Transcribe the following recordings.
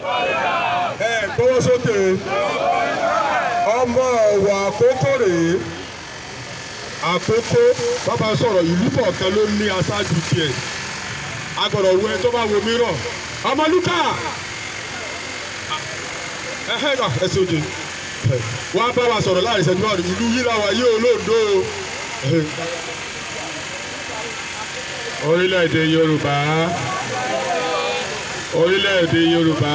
ẹ gbọ́wọ́ sókè ọmọ ọ̀wọ̀ àkókò rèé àkókò bàbá sọ̀rọ̀ ìlú kọ̀ọ̀kan ló ní aṣáájú tiẹ̀ agbọ̀dọ̀ wo ẹ tó bá wo ọmọlúkà wọ́n wa sọ̀rọ̀ láàrin ìṣẹ́jú ìlú orílẹ̀-èdè Yorùbá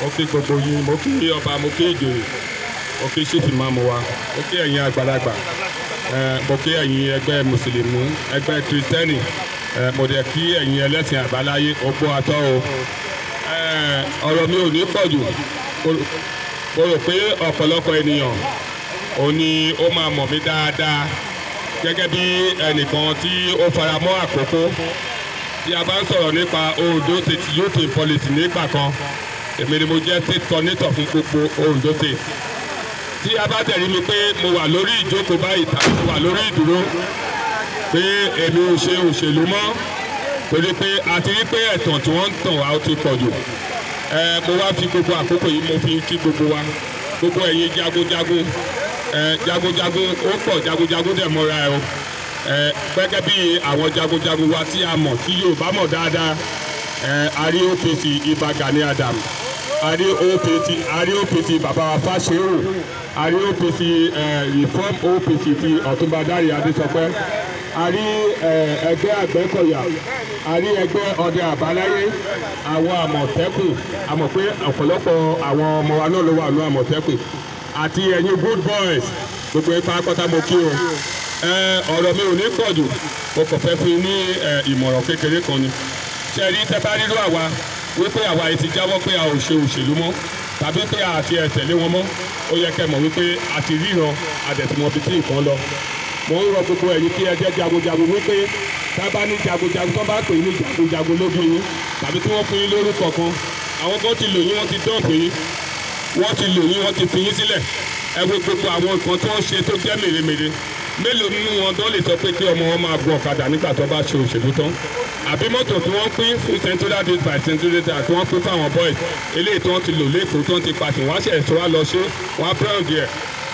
mo kí gbogbo yín mo kí ọba mo kí ìjòyè mo kí ṣífì máàmù wa mo kí ẹ̀yin àgbàlagbà mo kí ẹ̀yin ẹgbẹ́ mùsùlùmí ẹgbẹ́ kìrìtẹ́nì mo dẹ̀ kí ẹ̀yin ẹlẹ́sìn àbáláyé ogbó atọ́ o ọ̀rọ̀ mi ò ní pọ̀ jù mo rò pé ọ̀pọ̀lọpọ̀ ènìyàn ò ní ó máa mọ̀ mí dáadáa gẹ́gẹ́ bí ẹnìkan tí ó faramọ́ àkókò tí a bá ń sọ̀rọ̀ nípa Ondo State youth in policy nígbà kan èmi ni mo jẹ́ state coordinator fún gbogbo Ondo State tí a bá tẹ̀lé mi pé mo wà lórí ìjókòó báyìí tàbí mo wà lórí ìdúró pé èmi ò ṣe òṣèlú mọ́ torí pé àti rí pé ẹ̀tàn tí wọ́n ń tàn wá ó ti pọ̀ jù ẹ mo wá fi gbogbo àkókò yìí mo fi kí gbogbo wa gbogbo ẹ̀yin jagunjagun ẹ jagunjagun ó pọ̀ jagunjagun dẹ̀ mọ́ra ẹ o gẹ́gẹ́ bí àwọn jagunjagun wa tí a mọ̀ tí Yorùbá mọ̀ dáadáa a rí OPC Ìbà Gani Adam a rí OPC a wa Fáṣehu a rí reform OPC ti Ọ̀túnba Dáre Adéṣọpẹ́ a rí ẹgbẹ́ Àgbẹ̀kọ̀yà a ọdẹ àbáláyé àwọn àmọ̀tẹ́kùn a mọ̀ àwọn ọmọ wa náà ló wà ní àmọ̀tẹ́kùn àti ẹ̀yin good boys gbogbo ipa akọ́tà mo kí o ọ̀rọ̀ mi ò ní pọ̀ jù mo kàn fẹ́ fún yín ní ìmọ̀ràn kékeré kan ni ṣe rí tẹ́ bá rírú àwa wípé àwa yìí ti jáwọ́ pé a ò ṣe òṣèlú mọ́ tàbí pé a ti ẹ̀ tẹ̀lé wọn mọ́ ó yẹ kẹ́ mọ̀ wípé a ti ríran adẹ̀tìmọ̀ bíi tí nǹkan lọ mo ń rọ gbogbo ẹ̀yin kí ẹ jẹ́ jagunjagun wípé tá bá ní jagunjagun tó bá pè ní jagunjagun lójú yín tàbí tí wọ́n fún yín lórúkọ kan àwọn kan ti lò yín wọ́n ti dọ́ọ̀pù yín wọ́n ti lò yín wọ́n ti fi yín sílẹ̀ ẹ wo gbogbo àwọn nǹkan tó ń ṣe tó jẹ́ mèremère mélòó nínú wọn tó lè sọ pé kí ọmọ wọn máa gun ọ̀kadà nígbà tó bá ṣe òṣèlú tán àbí mọ́tò tí wọ́n pín fún central bid by central data tí wọ́n pín fáwọn boys eléyìí tí wọ́n ti lò lẹ́kọ̀ọ́ tí wọ́n ti pàṣẹ wọ́n á ṣẹ̀ tó wá lọ ṣe wọ́n á pẹ́rọ̀ díẹ̀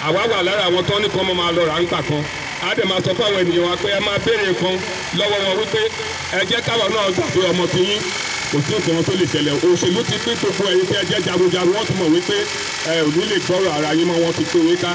àwa wà lára àwọn tó ní kọ́ mọ́ máa lọ rà ń gbà kan á dẹ̀ máa sọ fáwọn ènìyàn wa pé ẹ máa béèrè kan lọ́wọ́ wọn wípé ẹ jẹ́ káwọn náà gbàgbé ọmọ ti yín kò sí nǹkan wọn tó lè ṣẹlẹ̀ òṣèlú ti pín gbogbo ẹ̀yin tí ẹ jẹ́ jagunjagun wọ́n ti mọ̀ wípé ẹ ò ní lè gbọ́rọ̀ ara yín mọ́ wọ́n ti pé wíká